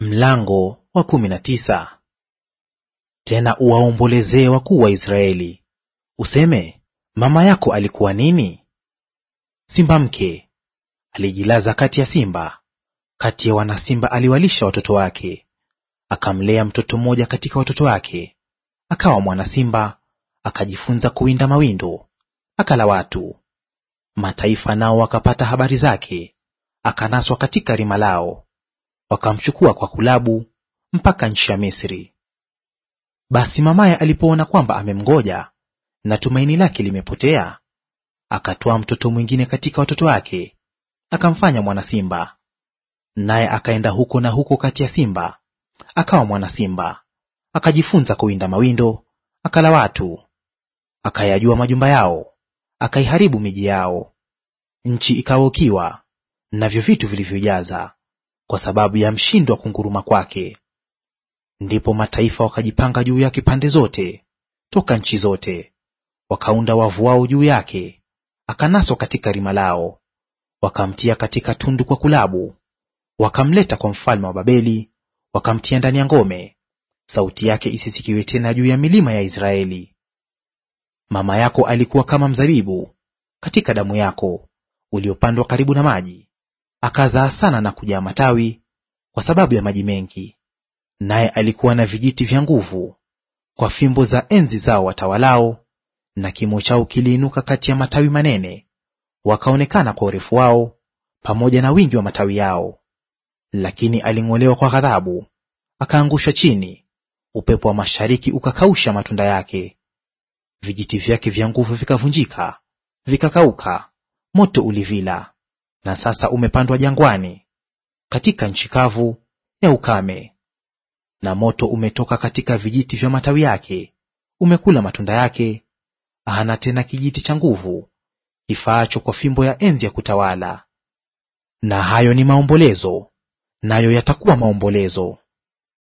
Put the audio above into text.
Mlango wa kumi na tisa. Tena uwaombolezee wakuu wa Israeli, useme, mama yako alikuwa nini? Simba mke alijilaza kati ya simba, kati ya wanasimba aliwalisha watoto wake. Akamlea mtoto mmoja katika watoto wake, akawa mwana simba, akajifunza kuwinda mawindo, akala watu. Mataifa nao wakapata habari zake, akanaswa katika rima lao wakamchukua kwa kulabu mpaka nchi ya Misri. Basi mamaye alipoona kwamba amemngoja na tumaini lake limepotea, akatoa mtoto mwingine katika watoto wake, akamfanya mwana simba. Naye akaenda huko na huko kati ya simba, akawa mwana simba, akajifunza kuwinda mawindo, akala watu, akayajua majumba yao, akaiharibu miji yao. Nchi ikawa ukiwa, navyo vitu vilivyojaza kwa sababu ya mshindo wa kunguruma kwake. Ndipo mataifa wakajipanga juu yake pande zote, toka nchi zote, wakaunda wavu wao juu yake, akanaswa katika rima lao. Wakamtia katika tundu kwa kulabu, wakamleta kwa mfalme wa Babeli, wakamtia ndani ya ngome, sauti yake isisikiwe tena juu ya milima ya Israeli. Mama yako alikuwa kama mzabibu katika damu yako uliopandwa karibu na maji, akazaa sana na kujaa matawi kwa sababu ya maji mengi. Naye alikuwa na vijiti vya nguvu kwa fimbo za enzi zao watawalao, na kimo chao kiliinuka kati ya matawi manene, wakaonekana kwa urefu wao pamoja na wingi wa matawi yao. Lakini aling'olewa kwa ghadhabu, akaangushwa chini, upepo wa mashariki ukakausha matunda yake. Vijiti vyake vya nguvu vikavunjika, vikakauka, moto ulivila na sasa umepandwa jangwani katika nchi kavu ya ukame, na moto umetoka katika vijiti vya matawi yake, umekula matunda yake, hana tena kijiti cha nguvu kifaacho kwa fimbo ya enzi ya kutawala. Na hayo ni maombolezo, nayo yatakuwa maombolezo.